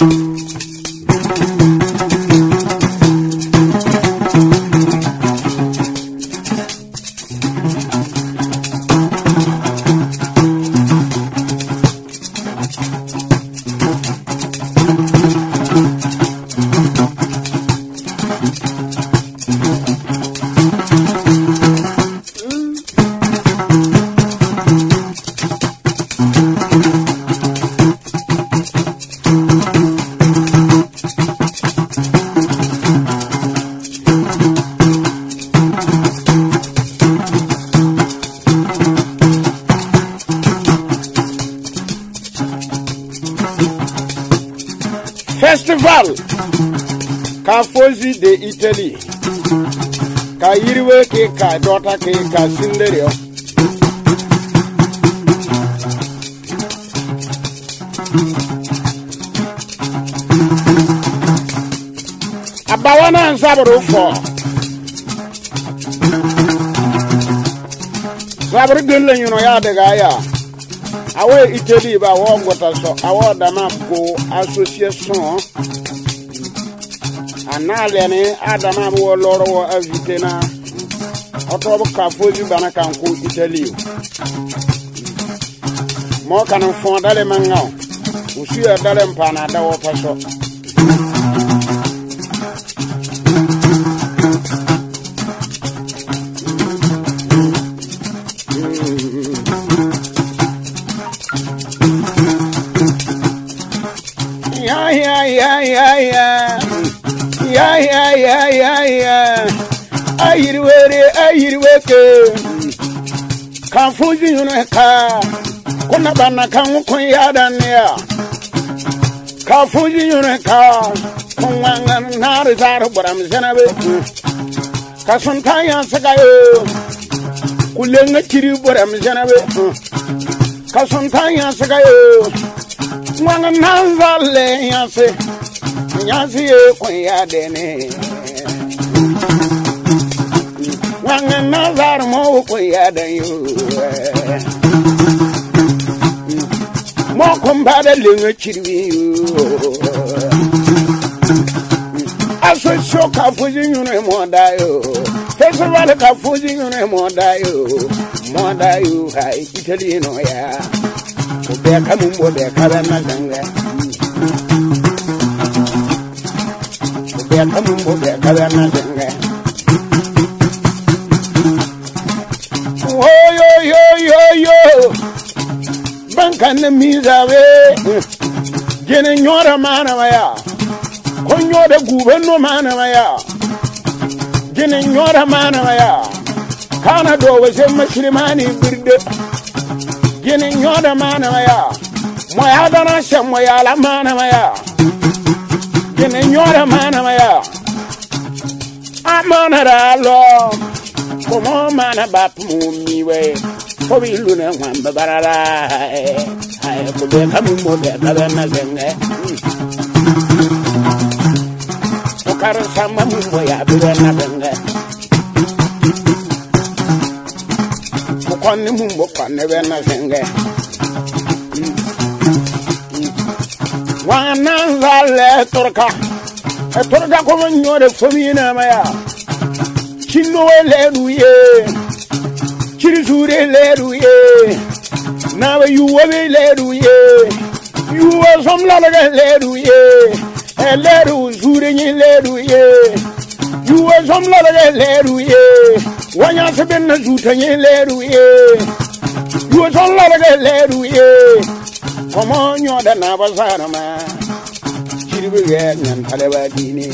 Música ka fozi de itali ka yiriwe ke ka dɔta ke ka sinderiɔ a bawa na n zabiri fɔ zabiri gɛn la ɲinɔ yaa dege a yaa itali ba awɔ ngɔta sɔ awɔ dama analiani adana bo loro wo avite na otobo ka foju bana kanku itali mo kan fon dale manga o suya dale mpana da paso ayayayaya ayiriwere ayiriweke kanfunzi yunu ka kuna bana kan kun yada niya kanfunzi yunu ka kun wangan nari zaru buram zanabe ka sun ta yan saka yo kulen ga kiri buram zanabe ka sun ta yan saka yo wangan se nyasie kwea dene wange nazar mo kwea denyo mo kumbada lenga chiriyo aso so ka fuji nyune mo dayo festival ka fuji nyune mo dayo mo dayo ha itali no ya ko be ka mumbo be ka na ganga kamun bobe kawe na denge bankan na mizawe nyora mana mana nyora mana kana do birde mana moya moya la mana kene nyora mana maya amana ra lo komo mana bap mu miwe ko bi luna wamba barara ay ko be kam mo eh? hmm. be na be na zenge ko kar sama mu mo ya be na zenge ko kon mu mo kon be na zenge wananzale torka e torka ko mo nyore fomina maya kinno weledu ye kirisure ledu ye nawe yuwa be ledu ye yuwa somlalaga ledu ye e ledu zure nyi ledu ye yuwa somlalaga ledu ye wanya sebe na zuta nyi ledu ye yuwa somlalaga ledu ye Come komonyo da na bazara ma kirbe ga nan talaba dini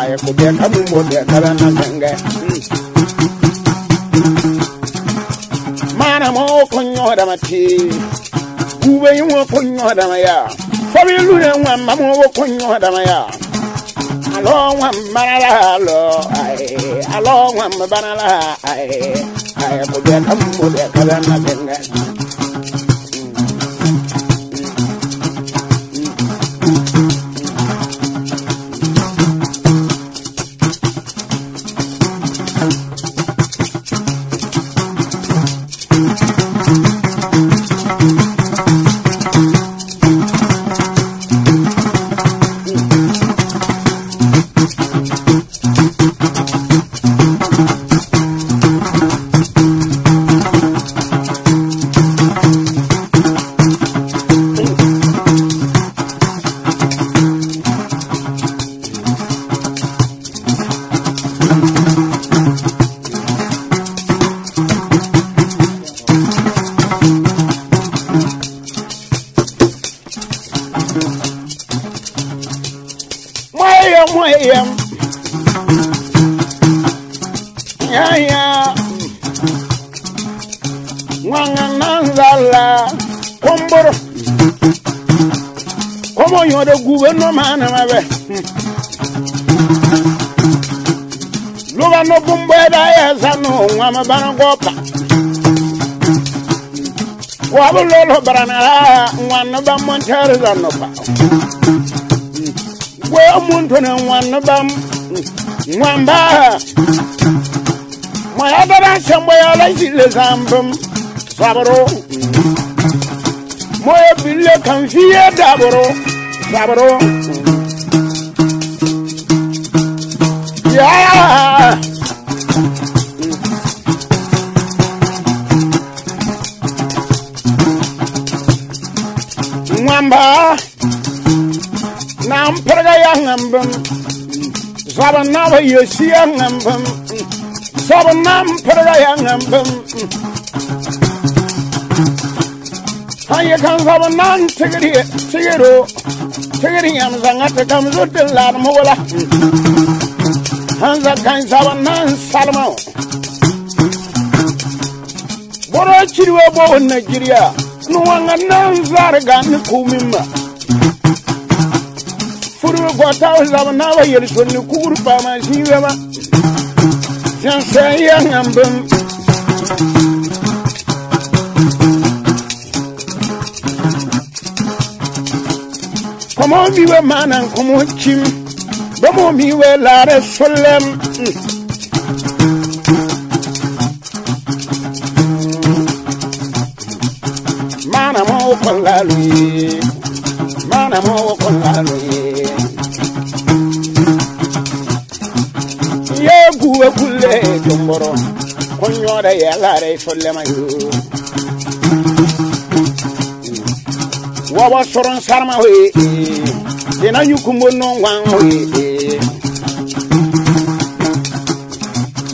ay ko be kamun bo de kala na ganga mana mo konyo da mati kube yin wo konyo da ma ya fabi lure wa ma mo wo konyo da ma ya alo wa marala Along with alo along with ay I ko be kamun bo de kala na ganga lala come on yode guwe no mana mabe luba no bumbo da ya sanu ngama bana gopa wabu lolo baranara ngwana ba montare zanu pa we omuntu ne ngwana ba ngwamba Mwaya dada shambo ya la jile zambam sabro moye bille kan fiye dabro sabro ya mwamba na mperga ya ngambam zaba na ba yesiya zaba na mperga ya Anya kan saba nan tigiri tigiro tigiri yam zanga ta kam zutin larmu wala hanza kan saba Nigeria nuwanga nan zarga ni kumimma furu gota zaba na wa yel sunni kuru pa ma shiwe ma Omo miwe mana omo chim. Bomo miwe lare solem. Mana mo kolalu. Mana mo kolalu. Ye guwe kule jomboro. Konyore ya lare solema yo. wawa soron sarma hoye dena yukumbo no wan hoye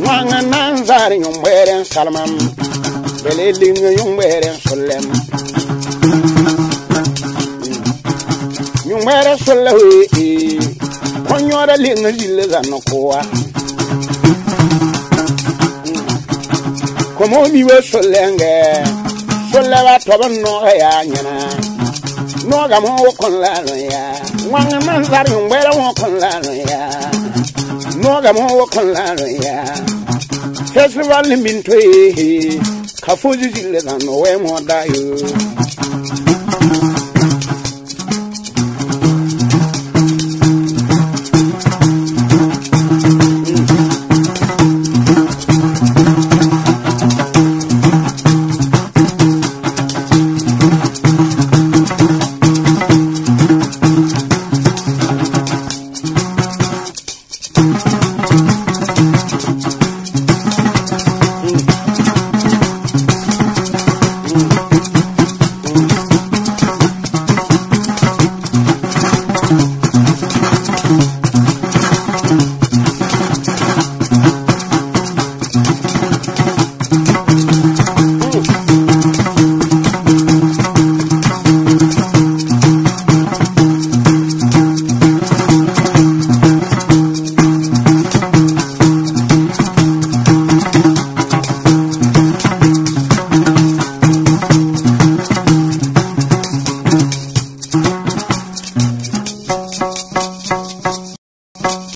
wanga nanzar yumberen salmam bele lingo yumberen solem yumberen solle hoye konyora lingo zille zanno komo miwe sollenge wa toban ya nyana n'oge m nwokonla alụ ya nwanne m nzara mgbere nwokonla alụ ya n'oge m nwokonla alụ ya festival mintoehe ka fozi jileza n'ụwa mụda ya